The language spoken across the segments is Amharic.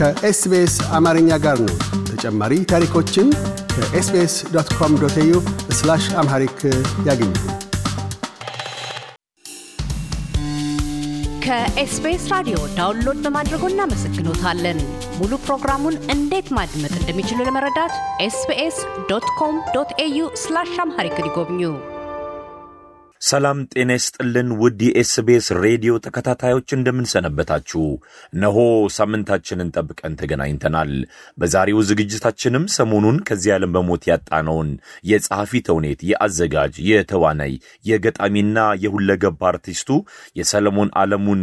ከኤስቤስ አማርኛ ጋር ነው። ተጨማሪ ታሪኮችን ከኤስቤስ ዶት ኮም ዶት ኤዩ አምሃሪክ ያገኙ። ከኤስቤስ ራዲዮ ዳውንሎድ በማድረጎ እናመሰግኖታለን። ሙሉ ፕሮግራሙን እንዴት ማድመጥ እንደሚችሉ ለመረዳት ኤስቤስ ዶት ኮም ዶት ኤዩ አምሃሪክ ይጎብኙ። ሰላም ጤና ይስጥልን ውድ የኤስቤስ ሬዲዮ ተከታታዮች እንደምንሰነበታችሁ። እነሆ ሳምንታችንን ጠብቀን ተገናኝተናል። በዛሬው ዝግጅታችንም ሰሞኑን ከዚህ ዓለም በሞት ያጣነውን የጸሐፊ ተውኔት፣ የአዘጋጅ፣ የተዋናይ፣ የገጣሚና የሁለገብ አርቲስቱ የሰለሞን ዓለሙን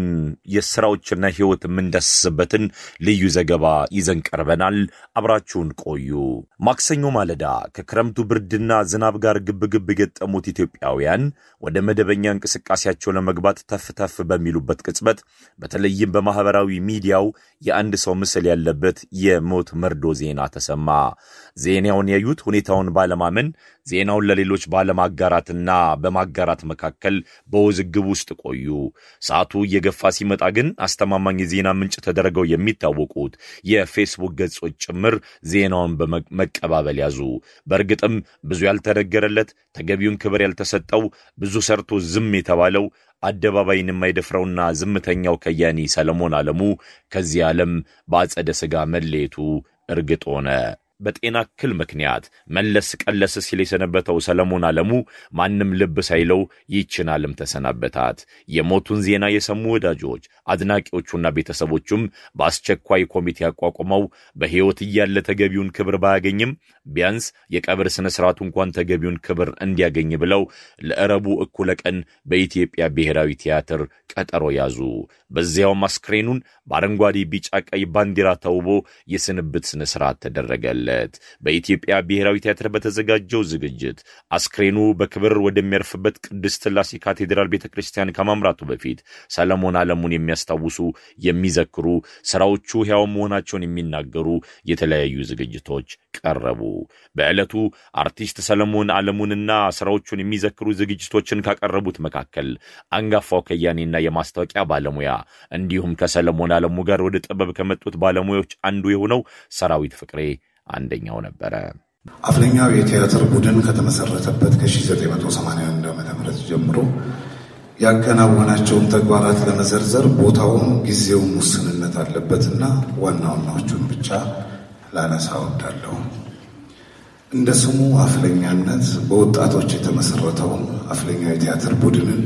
የሥራዎችና ሕይወት የምንዳስስበትን ልዩ ዘገባ ይዘን ቀርበናል። አብራችሁን ቆዩ። ማክሰኞ ማለዳ ከክረምቱ ብርድና ዝናብ ጋር ግብግብ የገጠሙት ኢትዮጵያውያን ወደ መደበኛ እንቅስቃሴያቸው ለመግባት ተፍ ተፍ በሚሉበት ቅጽበት በተለይም በማህበራዊ ሚዲያው የአንድ ሰው ምስል ያለበት የሞት መርዶ ዜና ተሰማ። ዜናውን ያዩት ሁኔታውን ባለማመን ዜናውን ለሌሎች ባለማጋራትና በማጋራት መካከል በውዝግብ ውስጥ ቆዩ። ሰዓቱ እየገፋ ሲመጣ ግን አስተማማኝ የዜና ምንጭ ተደረገው የሚታወቁት የፌስቡክ ገጾች ጭምር ዜናውን በመቀባበል ያዙ። በእርግጥም ብዙ ያልተነገረለት፣ ተገቢውን ክብር ያልተሰጠው፣ ብዙ ሰርቶ ዝም የተባለው አደባባይን የማይደፍረውና ዝምተኛው ከያኒ ሰለሞን አለሙ ከዚህ ዓለም በአጸደ ሥጋ መለየቱ እርግጥ ሆነ። በጤና እክል ምክንያት መለስ ቀለስ ሲል የሰነበተው ሰለሞን አለሙ ማንም ልብ ሳይለው ይችን ዓለም ተሰናበታት። የሞቱን ዜና የሰሙ ወዳጆች፣ አድናቂዎቹና ቤተሰቦቹም በአስቸኳይ ኮሚቴ አቋቁመው በሕይወት እያለ ተገቢውን ክብር ባያገኝም ቢያንስ የቀብር ሥነ ሥርዓቱ እንኳን ተገቢውን ክብር እንዲያገኝ ብለው ለዕረቡ እኩለ ቀን በኢትዮጵያ ብሔራዊ ቲያትር ቀጠሮ ያዙ። በዚያውም አስክሬኑን በአረንጓዴ ቢጫ፣ ቀይ ባንዲራ ተውቦ የስንብት ሥነ ሥርዓት ተደረገል። ተደረገለት። በኢትዮጵያ ብሔራዊ ቲያትር በተዘጋጀው ዝግጅት አስክሬኑ በክብር ወደሚያርፍበት ቅድስት ሥላሴ ካቴድራል ቤተ ክርስቲያን ከማምራቱ በፊት ሰለሞን ዓለሙን የሚያስታውሱ የሚዘክሩ፣ ስራዎቹ ሕያው መሆናቸውን የሚናገሩ የተለያዩ ዝግጅቶች ቀረቡ። በዕለቱ አርቲስት ሰለሞን ዓለሙንና ስራዎቹን የሚዘክሩ ዝግጅቶችን ካቀረቡት መካከል አንጋፋው ከያኔና የማስታወቂያ ባለሙያ እንዲሁም ከሰለሞን ዓለሙ ጋር ወደ ጥበብ ከመጡት ባለሙያዎች አንዱ የሆነው ሰራዊት ፍቅሬ አንደኛው ነበረ። አፍለኛው የቲያትር ቡድን ከተመሰረተበት ከ1981 ዓ ም ጀምሮ ያከናወናቸውን ተግባራት ለመዘርዘር ቦታውም ጊዜውም ውስንነት አለበትና ዋና ዋናዎቹን ብቻ ላነሳ እወዳለሁ። እንደ ስሙ አፍለኛነት በወጣቶች የተመሰረተውን አፍለኛ የቲያትር ቡድንን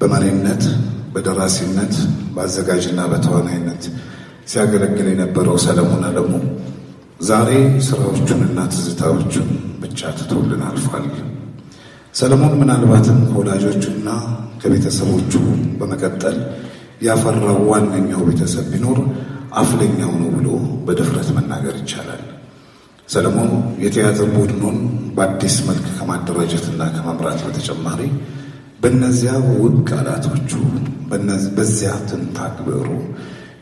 በመሪነት በደራሲነት፣ በአዘጋጅና በተዋናይነት ሲያገለግል የነበረው ሰለሞን አለሙ ዛሬ ስራዎቹንና ትዝታዎቹን ብቻ ትቶልን አልፏል። ሰለሞን ምናልባትም ከወላጆቹና ከቤተሰቦቹ በመቀጠል ያፈራው ዋነኛው ቤተሰብ ቢኖር አፍለኛው ነው ብሎ በድፍረት መናገር ይቻላል። ሰለሞን የቲያትር ቡድኑን በአዲስ መልክ ከማደራጀትና ከመምራት በተጨማሪ በእነዚያ ውድ ቃላቶቹ በዚያ ትንታግ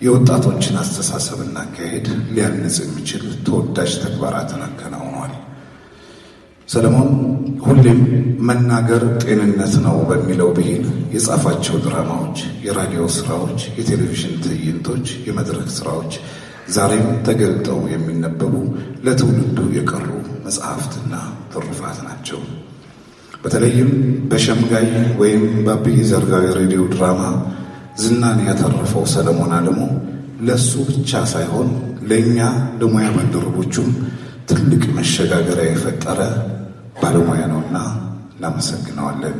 የወጣቶችን አስተሳሰብና አካሄድ ሊያንጽ የሚችል ተወዳጅ ተግባራትን አከናውኗል። ሰለሞን ሁሌም መናገር ጤንነት ነው በሚለው ብሂል የጻፋቸው ድራማዎች፣ የራዲዮ ስራዎች፣ የቴሌቪዥን ትዕይንቶች፣ የመድረክ ስራዎች ዛሬም ተገልጠው የሚነበቡ ለትውልዱ የቀሩ መጽሐፍትና ትሩፋት ናቸው። በተለይም በሸምጋይ ወይም በአብይ ዘርጋዊ ሬዲዮ ድራማ ዝናን ያተረፈው ሰለሞን አለሙ ለእሱ ብቻ ሳይሆን ለእኛ ለሙያ ባልደረቦቹም ትልቅ መሸጋገሪያ የፈጠረ ባለሙያ ነውና እናመሰግነዋለን።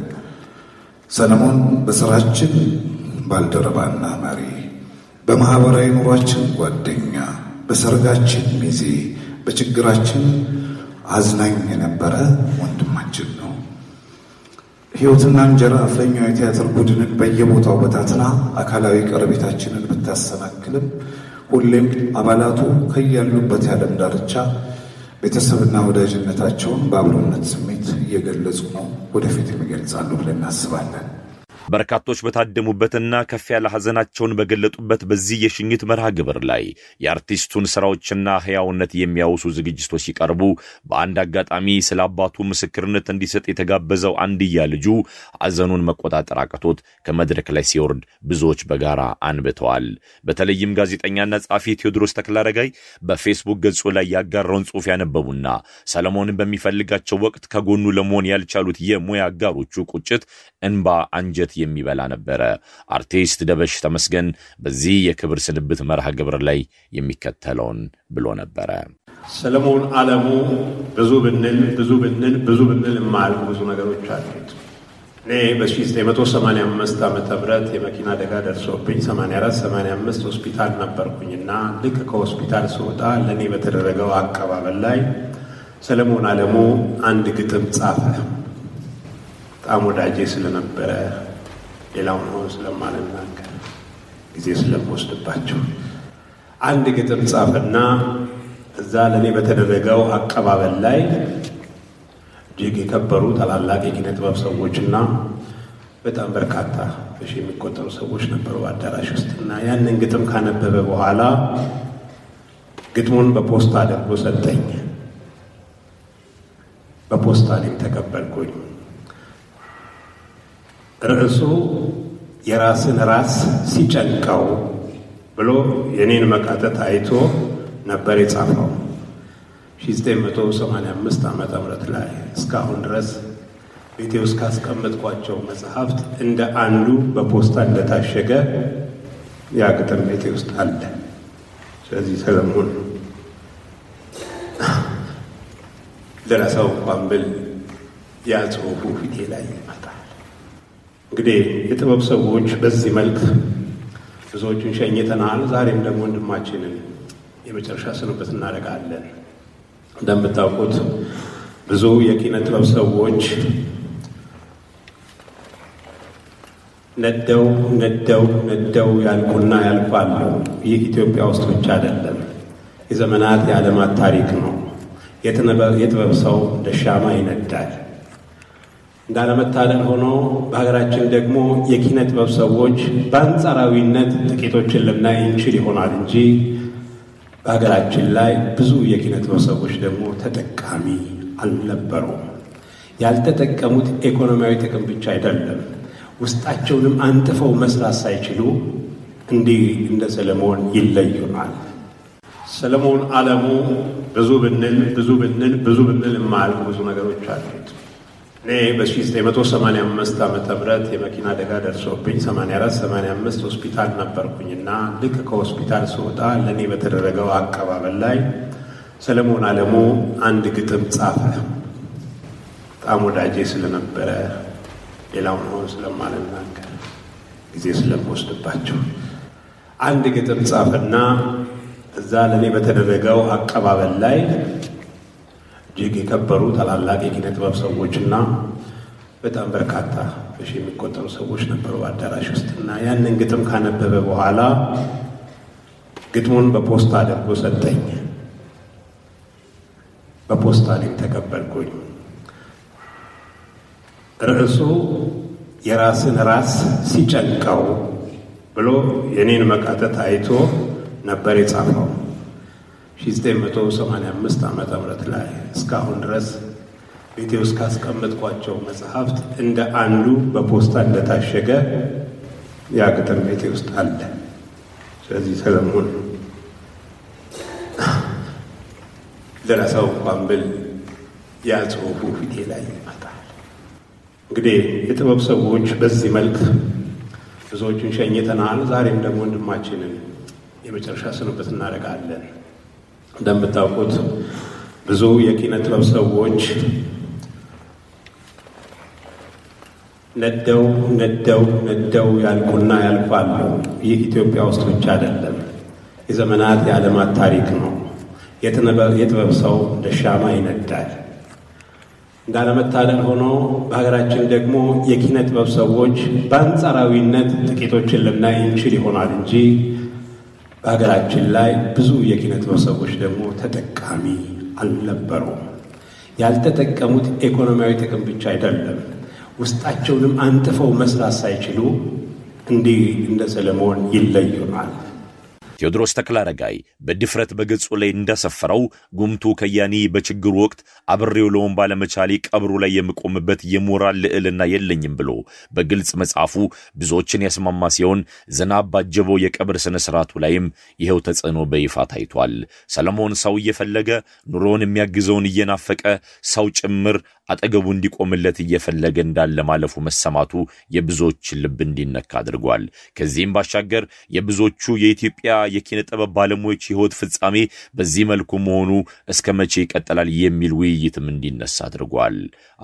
ሰለሞን በስራችን ባልደረባና መሪ፣ በማህበራዊ ኑሯችን ጓደኛ፣ በሰርጋችን ሚዜ፣ በችግራችን አዝናኝ የነበረ ወንድማችን ነው። ሕይወትና እንጀራ አፍለኛው የቲያትር ቡድንን በየቦታው በታትና አካላዊ ቀረቤታችንን ብታሰናክልም ሁሌም አባላቱ ከያሉበት የዓለም ዳርቻ ቤተሰብና ወዳጅነታቸውን በአብሮነት ስሜት እየገለጹ ነው፣ ወደፊት ይገልጻሉ ብለን እናስባለን። በርካቶች በታደሙበትና ከፍ ያለ ሐዘናቸውን በገለጡበት በዚህ የሽኝት መርሃ ግብር ላይ የአርቲስቱን ስራዎችና ህያውነት የሚያውሱ ዝግጅቶች ሲቀርቡ በአንድ አጋጣሚ ስለ አባቱ ምስክርነት እንዲሰጥ የተጋበዘው አንድያ ልጁ ሐዘኑን መቆጣጠር አቅቶት ከመድረክ ላይ ሲወርድ ብዙዎች በጋራ አንብተዋል። በተለይም ጋዜጠኛና ጸሐፊ ቴዎድሮስ ተክለአረጋይ በፌስቡክ ገጹ ላይ ያጋራውን ጽሑፍ ያነበቡና ሰለሞንን በሚፈልጋቸው ወቅት ከጎኑ ለመሆን ያልቻሉት የሙያ አጋሮቹ ቁጭት፣ እንባ አንጀት የሚበላ ነበረ። አርቲስት ደበሽ ተመስገን በዚህ የክብር ስንብት መርሃ ግብር ላይ የሚከተለውን ብሎ ነበረ። ሰለሞን አለሙ ብዙ ብንል ብዙ ብንል ብዙ ብንል የማያልቁ ብዙ ነገሮች አሉት። እኔ በ1985 ዓ ም የመኪና አደጋ ደርሶብኝ 84 85 ሆስፒታል ነበርኩኝና ልክ ከሆስፒታል ስወጣ ለእኔ በተደረገው አቀባበል ላይ ሰለሞን አለሙ አንድ ግጥም ጻፈ። በጣም ወዳጄ ስለነበረ ሌላውን ሆን ስለማልናገር ጊዜ ስለምወስድባቸው አንድ ግጥም ጻፈና እዛ ለእኔ በተደረገው አቀባበል ላይ እጅግ የከበሩ ታላላቅ የኪነ ጥበብ ሰዎችና በጣም በርካታ በሺ የሚቆጠሩ ሰዎች ነበሩ በአዳራሽ ውስጥ እና ያንን ግጥም ካነበበ በኋላ ግጥሙን በፖስታ አድርጎ ሰጠኝ። በፖስታ እኔም ተቀበልኩኝ። ርዕሱ የራስን ራስ ሲጨንቀው ብሎ የኔን መቃተት አይቶ ነበር የጻፈው 1985 ዓ ምህረት ላይ እስካሁን ድረስ ቤቴ ውስጥ ካስቀመጥኳቸው መጽሐፍት እንደ አንዱ በፖስታ እንደታሸገ ያ ግጥም ቤቴ ውስጥ አለ። ስለዚህ ሰለሞን ልረሳው እንኳን ብል ያ ጽሑፉ ፊቴ ላይ እንግዲህ የጥበብ ሰዎች በዚህ መልክ ብዙዎቹን ሸኝተናል። ዛሬም ደግሞ ወንድማችንን የመጨረሻ ስንበት እናደርጋለን። እንደምታውቁት ብዙ የኪነ ጥበብ ሰዎች ነደው ነደው ነደው ያልቁና ያልፋሉ። ይህ ኢትዮጵያ ውስጥ ብቻ አይደለም፣ የዘመናት የዓለማት ታሪክ ነው። የጥበብ ሰው እንደ ሻማ ይነዳል። እንዳለመታደል ሆኖ በሀገራችን ደግሞ የኪነ ጥበብ ሰዎች በአንጻራዊነት ጥቂቶችን ልናይ እንችል ይሆናል እንጂ በሀገራችን ላይ ብዙ የኪነ ጥበብ ሰዎች ደግሞ ተጠቃሚ አልነበሩም። ያልተጠቀሙት ኢኮኖሚያዊ ጥቅም ብቻ አይደለም፣ ውስጣቸውንም አንጥፈው መስራት ሳይችሉ እንዲህ እንደ ሰለሞን ይለዩናል። ሰለሞን አለሙ ብዙ ብንል ብዙ ብንል ብዙ ብንል የማያልቁ ብዙ ነገሮች አሉት። እኔ በ1985 ዓመተ ምህረት የመኪና አደጋ ደርሶብኝ 84 85 ሆስፒታል ነበርኩኝና ልክ ከሆስፒታል ስወጣ ለእኔ በተደረገው አቀባበል ላይ ሰለሞን አለሙ አንድ ግጥም ጻፈ። በጣም ወዳጄ ስለነበረ ሌላውን አሁን ስለማልናገር ጊዜ ስለምወስድባቸው አንድ ግጥም ጻፈና እዛ ለእኔ በተደረገው አቀባበል ላይ እጅግ የከበሩ ታላላቅ የኪነ ጥበብ ሰዎችና በጣም በርካታ በሺ የሚቆጠሩ ሰዎች ነበሩ አዳራሽ ውስጥ እና ያንን ግጥም ካነበበ በኋላ ግጥሙን በፖስታ አድርጎ ሰጠኝ። በፖስታ ሊም ተቀበልኩኝ። ርዕሱ የራስን ራስ ሲጨንቀው ብሎ የኔን መቃተት አይቶ ነበር የጻፈው። 1985 ዓመተ ምህረት ላይ እስካሁን ድረስ ቤቴ ውስጥ ካስቀመጥኳቸው መጽሐፍት እንደ አንዱ በፖስታ እንደታሸገ ያ ግጥም ቤቴ ውስጥ አለ። ስለዚህ ሰለሞን ለራሳው እንኳን ብል ያ ጽሑፉ ፊቴ ላይ ይመጣል። እንግዲህ የጥበብ ሰዎች በዚህ መልክ ብዙዎቹን ሸኝተናል። ዛሬም ደግሞ ወንድማችንን የመጨረሻ ስንበት እናደርጋለን። እንደምታውቁት ብዙ የኪነ ጥበብ ሰዎች ነደው ነደው ነደው ያልቁና ያልፋሉ። ይህ ኢትዮጵያ ውስጥ ብቻ አይደለም፣ የዘመናት የዓለማት ታሪክ ነው። የጥበብ ሰው እንደ ሻማ ይነዳል። እንዳለመታደል ሆኖ በሀገራችን ደግሞ የኪነ ጥበብ ሰዎች በአንጻራዊነት ጥቂቶችን ልናይ እንችል ይሆናል እንጂ በሀገራችን ላይ ብዙ የኪነ ጥበብ ሰዎች ደግሞ ተጠቃሚ አልነበሩም። ያልተጠቀሙት ኢኮኖሚያዊ ጥቅም ብቻ አይደለም፣ ውስጣቸውንም አንጥፈው መስራት ሳይችሉ እንዲህ እንደ ሰለሞን ይለዩናል። ቴዎድሮስ ተክለአረጋይ በድፍረት በገጹ ላይ እንዳሰፈረው ጉምቱ ከያኒ በችግሩ ወቅት አብሬው ለውን ባለመቻሌ ቀብሩ ላይ የምቆምበት የሞራል ልዕልና የለኝም ብሎ በግልጽ መጽሐፉ ብዙዎችን ያስማማ ሲሆን ዝናብ ባጀበው የቀብር ስነ ስርዓቱ ላይም ይኸው ተጽዕኖ በይፋ ታይቷል። ሰለሞን ሰው እየፈለገ ኑሮውን የሚያግዘውን እየናፈቀ ሰው ጭምር አጠገቡ እንዲቆምለት እየፈለገ እንዳለ ማለፉ መሰማቱ የብዙዎችን ልብ እንዲነካ አድርጓል። ከዚህም ባሻገር የብዙዎቹ የኢትዮጵያ የኪነ ጥበብ ባለሙያዎች የህይወት ፍጻሜ በዚህ መልኩ መሆኑ እስከ መቼ ይቀጥላል የሚል ውይይትም እንዲነሳ አድርጓል።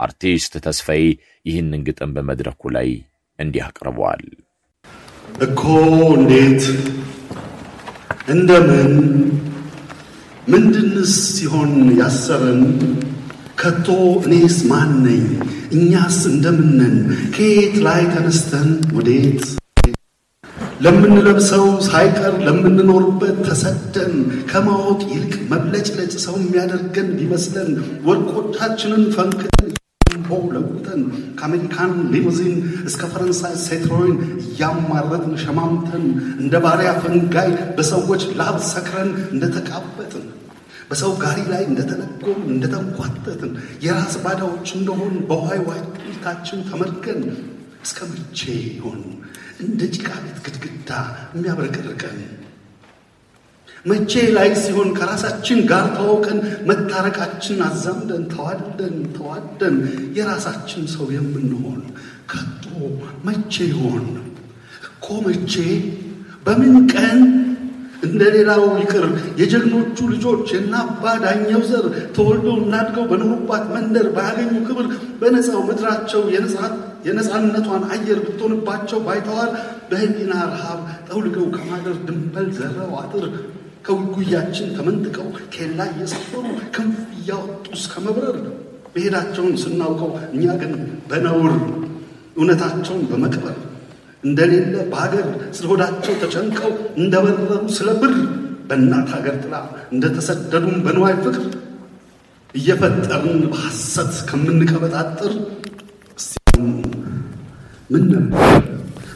አርቲስት ተስፋዬ ይህንን ግጥም በመድረኩ ላይ እንዲህ አቅርበዋል። እኮ እንዴት እንደምን ምንድንስ ሲሆን ያሰረን ከቶ እኔስ ማን ነኝ? እኛስ እንደምንን ከየት ላይ ተነስተን ወዴት ለምንለብሰው ሳይቀር ለምንኖርበት ተሰደን ከማወቅ ይልቅ መብለጭለጭ ሰው የሚያደርገን ቢመስለን ወርቆቻችንን ፈንክተን ሆው ለውጠን ከአሜሪካን ሊሙዚን እስከ ፈረንሳይ ሴትሮይን እያማረጥን ሸማምተን እንደ ባሪያ ፈንጋይ በሰዎች ላብ ሰክረን እንደተቃበጥን በሰው ጋሪ ላይ እንደተለጎም እንደተንኳተትን የራስ ባዳዎች እንደሆን በዋይ ዋይ ቅኝታችን ተመልከን እስከ መቼ ይሆን እንደ ጭቃ ቤት ግድግዳ የሚያብረቀርቀን? መቼ ላይ ሲሆን ከራሳችን ጋር ተዋውቀን መታረቃችን አዛምደን ተዋደን ተዋደን የራሳችን ሰው የምንሆን ከቶ መቼ ይሆን እኮ መቼ በምን ቀን እንደ ሌላው ይቅር የጀግኖቹ ልጆች የናባ አባ ዳኘው ዘር ተወልደው እናድገው በኖሩባት መንደር ባያገኙ ክብር በነፃው ምድራቸው የነፃነቷን አየር ብትሆንባቸው ባይተዋል በህሊና ረሃብ ጠውልገው ከማደር ድንበል ዘረው አጥር ከውጉያችን ተመንጥቀው ኬላ እየሰፈሩ ክንፍ እያወጡ እስከ መብረር መሄዳቸውን ስናውቀው እኛ ግን በነውር እውነታቸውን በመቅበር እንደሌለ በሀገር ስለሆዳቸው ተጨንቀው እንደበረሩ ስለ ብር በእናት ሀገር ጥላ እንደተሰደዱም በንዋይ ፍቅር እየፈጠርን በሐሰት ከምንቀበጣጥር ምን ነበር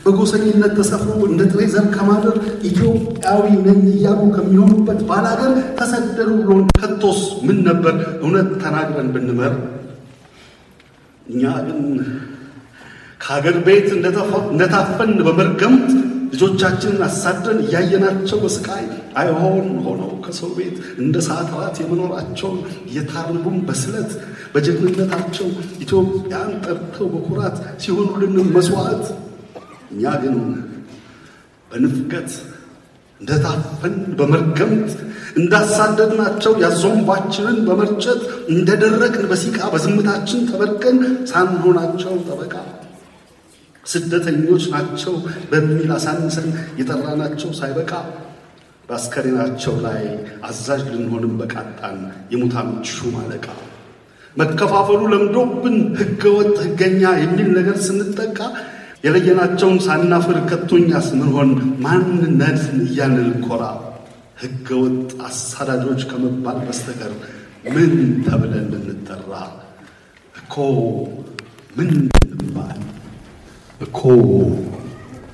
በጎሰኝነት ተሰፍሮ እንደ ጥሬ ዘር ከማደር ኢትዮጵያዊ ነኝ እያሉ ከሚሆኑበት ባላገር ተሰደዱ ብሎ ከቶስ ምን ነበር እውነት ተናግረን ብንመር እኛ ግን ከሀገር ቤት እንደታፈን በመርገምት ልጆቻችንን አሳደን እያየናቸው በስቃይ አይሆን ሆነው ከሰው ቤት እንደ ሰዓታት የመኖራቸውን እየታረቡም በስለት በጀግንነታቸው ኢትዮጵያን ጠርተው በኩራት ሲሆኑልን መስዋዕት፣ እኛ ግን በንፍገት እንደታፈን በመርገምት እንዳሳደድናቸው ያዞንባችንን በመርጨት እንደደረቅን በሲቃ በዝምታችን ተበርቀን ሳንሆናቸው ጠበቃ ስደተኞች ናቸው በሚል አሳንሰን የጠራናቸው ሳይበቃ በአስከሬናቸው ላይ አዛዥ ልንሆንም በቃጣን። የሙታኖቹ አለቃ መከፋፈሉ ለምዶብን ህገወጥ ህገኛ የሚል ነገር ስንጠቃ የለየናቸውን ሳናፍር ከቶኛስ ምንሆን ማንነት እያንል ኮራ ህገወጥ አሳዳጆች ከመባል በስተቀር ምን ተብለን ልንጠራ እኮ ምን the coal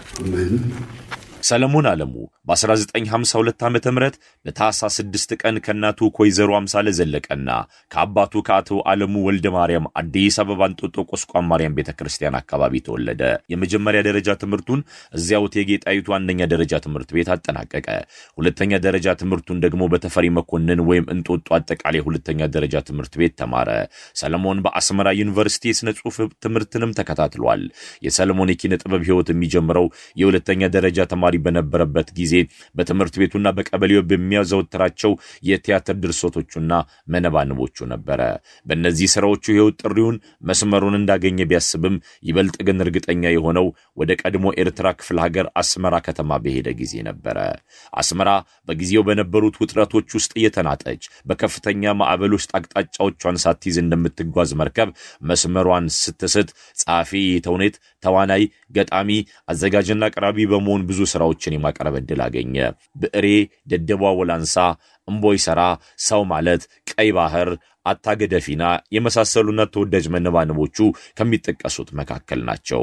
for men ሰለሞን አለሙ በ1952 ዓ ም በታሳ 6 ቀን ከእናቱ ከወይዘሮ አምሳለ ዘለቀና ከአባቱ ከአቶ አለሙ ወልደ ማርያም አዲስ አበባ እንጦጦ ቁስቋም ማርያም ቤተ ክርስቲያን አካባቢ ተወለደ። የመጀመሪያ ደረጃ ትምህርቱን እዚያው እቴጌ ጣይቱ አንደኛ ደረጃ ትምህርት ቤት አጠናቀቀ። ሁለተኛ ደረጃ ትምህርቱን ደግሞ በተፈሪ መኮንን ወይም እንጦጦ አጠቃላይ ሁለተኛ ደረጃ ትምህርት ቤት ተማረ። ሰለሞን በአስመራ ዩኒቨርሲቲ የሥነ ጽሑፍ ትምህርትንም ተከታትሏል። የሰለሞን የኪነ ጥበብ ሕይወት የሚጀምረው የሁለተኛ ደረጃ ተማ ተማሪ በነበረበት ጊዜ በትምህርት ቤቱና በቀበሌው በሚያዘወትራቸው የቲያትር ድርሰቶቹና መነባንቦቹ ነበረ። በእነዚህ ስራዎቹ ህይወት ጥሪውን መስመሩን እንዳገኘ ቢያስብም ይበልጥ ግን እርግጠኛ የሆነው ወደ ቀድሞ ኤርትራ ክፍለ ሀገር አስመራ ከተማ በሄደ ጊዜ ነበረ። አስመራ በጊዜው በነበሩት ውጥረቶች ውስጥ እየተናጠች በከፍተኛ ማዕበል ውስጥ አቅጣጫዎቿን ሳትይዝ እንደምትጓዝ መርከብ መስመሯን ስትስት ጸሐፊ ተውኔት፣ ተዋናይ፣ ገጣሚ፣ አዘጋጅና አቅራቢ በመሆን ብዙ ስራ ስራዎችን የማቅረብ እድል አገኘ። ብዕሬ ደደቧ ወላንሳ ሰራ ሰው ማለት፣ ቀይ ባህር፣ አታገደፊና የመሳሰሉነት ተወዳጅ መነባንቦቹ ከሚጠቀሱት መካከል ናቸው።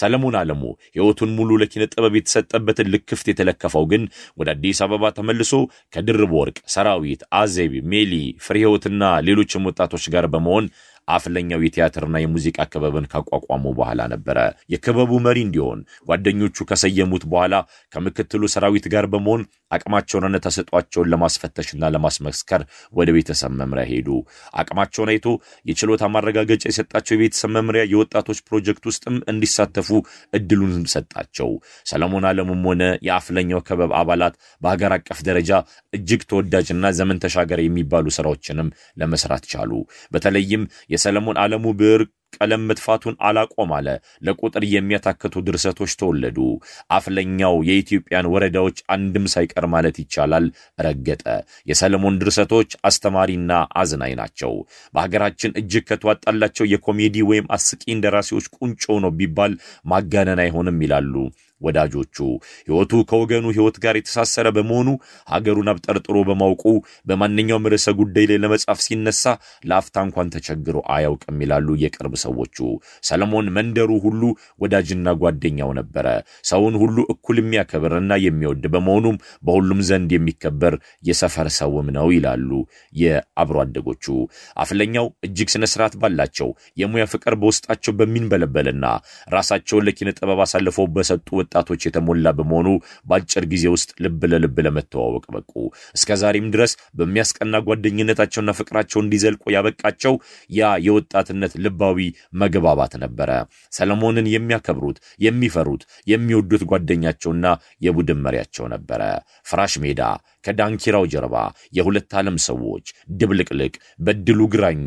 ሰለሞን አለሙ ሕይወቱን ሙሉ ለኪነ ጥበብ የተሰጠበትን ልክፍት የተለከፈው ግን ወደ አዲስ አበባ ተመልሶ ከድርብ ወርቅ፣ ሰራዊት፣ አዜብ፣ ሜሊ፣ ፍሬሕይወትና ሌሎችም ወጣቶች ጋር በመሆን አፍለኛው የቲያትርና የሙዚቃ ክበብን ካቋቋሙ በኋላ ነበረ። የክበቡ መሪ እንዲሆን ጓደኞቹ ከሰየሙት በኋላ ከምክትሉ ሰራዊት ጋር በመሆን አቅማቸውንና ተሰጧቸውን ለማስፈተሽ ለመፈተሽና ለማስመስከር ወደ ቤተሰብ መምሪያ ሄዱ። አቅማቸውን አይቶ የችሎታ ማረጋገጫ የሰጣቸው የቤተሰብ መምሪያ የወጣቶች ፕሮጀክት ውስጥም እንዲሳተፉ እድሉንም ሰጣቸው። ሰለሞን አለሙም ሆነ የአፍለኛው ክበብ አባላት በሀገር አቀፍ ደረጃ እጅግ ተወዳጅና ዘመን ተሻገር የሚባሉ ስራዎችንም ለመስራት ቻሉ። በተለይም የሰለሞን አለሙ ብር ቀለም መጥፋቱን አላቆም አለ። ለቁጥር የሚያታክቱ ድርሰቶች ተወለዱ። አፍለኛው የኢትዮጵያን ወረዳዎች አንድም ሳይቀር ማለት ይቻላል ረገጠ። የሰለሞን ድርሰቶች አስተማሪና አዝናኝ ናቸው። በሀገራችን እጅግ ከተዋጣላቸው የኮሜዲ ወይም አስቂኝ ደራሲዎች ቁንጮ ነው ቢባል ማጋነን አይሆንም ይላሉ ወዳጆቹ ሕይወቱ ከወገኑ ሕይወት ጋር የተሳሰረ በመሆኑ ሀገሩን አብጠርጥሮ በማውቁ በማንኛውም ርዕሰ ጉዳይ ላይ ለመጻፍ ሲነሳ ለአፍታ እንኳን ተቸግሮ አያውቅም ይላሉ የቅርብ ሰዎቹ። ሰለሞን መንደሩ ሁሉ ወዳጅና ጓደኛው ነበረ። ሰውን ሁሉ እኩል የሚያከብርና የሚወድ በመሆኑም በሁሉም ዘንድ የሚከበር የሰፈር ሰውም ነው ይላሉ የአብሮ አደጎቹ። አፍለኛው እጅግ ስነ ስርዓት ባላቸው የሙያ ፍቅር በውስጣቸው በሚንበለበልና ራሳቸውን ለኪነ ጥበብ አሳልፈው በሰጡ ወጣቶች የተሞላ በመሆኑ በአጭር ጊዜ ውስጥ ልብ ለልብ ለመተዋወቅ በቁ። እስከ ዛሬም ድረስ በሚያስቀና ጓደኝነታቸውና ፍቅራቸው እንዲዘልቁ ያበቃቸው ያ የወጣትነት ልባዊ መግባባት ነበረ። ሰለሞንን የሚያከብሩት፣ የሚፈሩት፣ የሚወዱት ጓደኛቸውና የቡድን መሪያቸው ነበረ። ፍራሽ ሜዳ ከዳንኪራው ጀርባ የሁለት ዓለም ሰዎች ድብልቅልቅ፣ በድሉ ግራኙ፣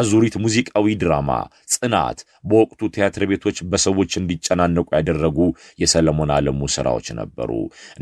አዙሪት ሙዚቃዊ ድራማ፣ ጽናት፣ በወቅቱ ቲያትር ቤቶች በሰዎች እንዲጨናነቁ ያደረጉ የሰለሞን ዓለሙ ሥራዎች ነበሩ።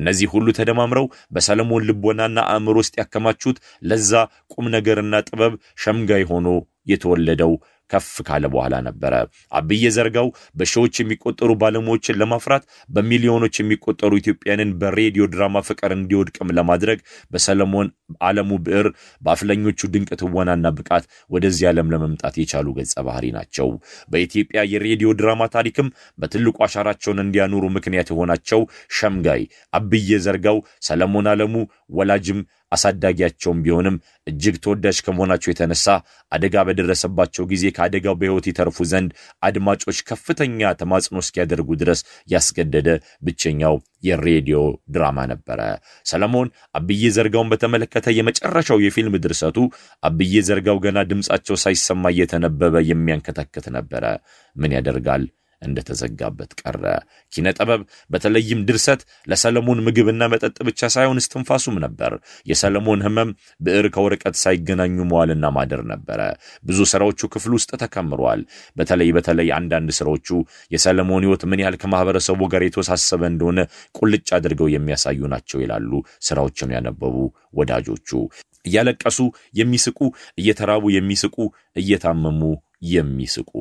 እነዚህ ሁሉ ተደማምረው በሰለሞን ልቦናና አእምሮ ውስጥ ያከማቹት ለዛ ቁም ነገርና ጥበብ ሸምጋይ ሆኖ የተወለደው ከፍ ካለ በኋላ ነበረ። አብዬ ዘርጋው በሺዎች የሚቆጠሩ ባለሙያዎችን ለማፍራት በሚሊዮኖች የሚቆጠሩ ኢትዮጵያንን በሬዲዮ ድራማ ፍቅር እንዲወድቅም ለማድረግ በሰለሞን አለሙ ብዕር በአፍለኞቹ ድንቅ ትወናና ብቃት ወደዚህ ዓለም ለመምጣት የቻሉ ገጸ ባህሪ ናቸው። በኢትዮጵያ የሬዲዮ ድራማ ታሪክም በትልቁ አሻራቸውን እንዲያኖሩ ምክንያት የሆናቸው ሸምጋይ አብዬ ዘርጋው፣ ሰለሞን አለሙ ወላጅም አሳዳጊያቸውም ቢሆንም እጅግ ተወዳጅ ከመሆናቸው የተነሳ አደጋ በደረሰባቸው ጊዜ ከአደጋው በሕይወት ይተርፉ ዘንድ አድማጮች ከፍተኛ ተማጽኖ እስኪያደርጉ ድረስ ያስገደደ ብቸኛው የሬዲዮ ድራማ ነበረ። ሰለሞን አብዬ ዘርጋውን በተመለከተ የመጨረሻው የፊልም ድርሰቱ አብዬ ዘርጋው ገና ድምፃቸው ሳይሰማ እየተነበበ የሚያንከታከት ነበረ። ምን ያደርጋል እንደተዘጋበት ቀረ። ኪነ ጥበብ በተለይም ድርሰት ለሰለሞን ምግብና መጠጥ ብቻ ሳይሆን እስትንፋሱም ነበር። የሰለሞን ሕመም ብዕር ከወረቀት ሳይገናኙ መዋልና ማደር ነበረ። ብዙ ስራዎቹ ክፍል ውስጥ ተከምሯል። በተለይ በተለይ አንዳንድ ስራዎቹ የሰለሞን ሕይወት ምን ያህል ከማህበረሰቡ ጋር የተወሳሰበ እንደሆነ ቁልጭ አድርገው የሚያሳዩ ናቸው ይላሉ ስራዎችን ያነበቡ ወዳጆቹ። እያለቀሱ የሚስቁ፣ እየተራቡ የሚስቁ፣ እየታመሙ የሚስቁ።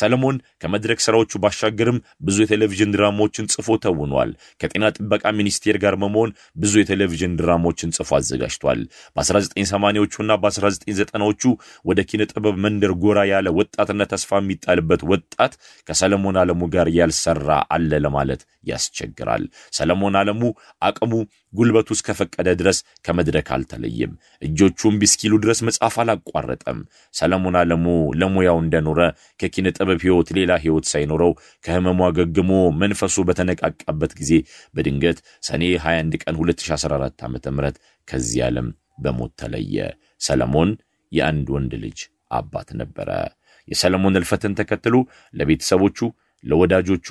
ሰለሞን ከመድረክ ስራዎቹ ባሻገርም ብዙ የቴሌቪዥን ድራማዎችን ጽፎ ተውኗል። ከጤና ጥበቃ ሚኒስቴር ጋር በመሆን ብዙ የቴሌቪዥን ድራማዎችን ጽፎ አዘጋጅቷል። በ1980ዎቹና በ1990ዎቹ ወደ ኪነ ጥበብ መንደር ጎራ ያለ ወጣትና ተስፋ የሚጣልበት ወጣት ከሰለሞን አለሙ ጋር ያልሰራ አለ ለማለት ያስቸግራል። ሰለሞን አለሙ አቅሙ ጉልበቱ እስከፈቀደ ድረስ ከመድረክ አልተለየም። እጆቹም ቢስኪሉ ድረስ መጻፍ አላቋረጠም። ሰለሞን አለሙ ለሙያው እንደኖረ ከኪነ ጥበብ ሕይወት ሌላ ሕይወት ሳይኖረው ከህመሙ አገግሞ መንፈሱ በተነቃቃበት ጊዜ በድንገት ሰኔ 21 ቀን 2014 ዓ ም ከዚህ ዓለም በሞት ተለየ። ሰለሞን የአንድ ወንድ ልጅ አባት ነበረ። የሰለሞን እልፈትን ተከትሎ ለቤተሰቦቹ፣ ለወዳጆቹ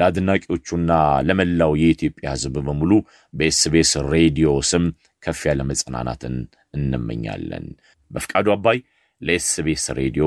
ለአድናቂዎቹና ለመላው የኢትዮጵያ ሕዝብ በሙሉ በኤስቤስ ሬዲዮ ስም ከፍ ያለ መጽናናትን እንመኛለን። በፍቃዱ አባይ ለኤስቤስ ሬዲዮ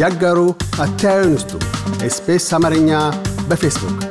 ያጋሩ፣ አስተያየትዎን ይስጡ። ኤስፔስ አማርኛ በፌስቡክ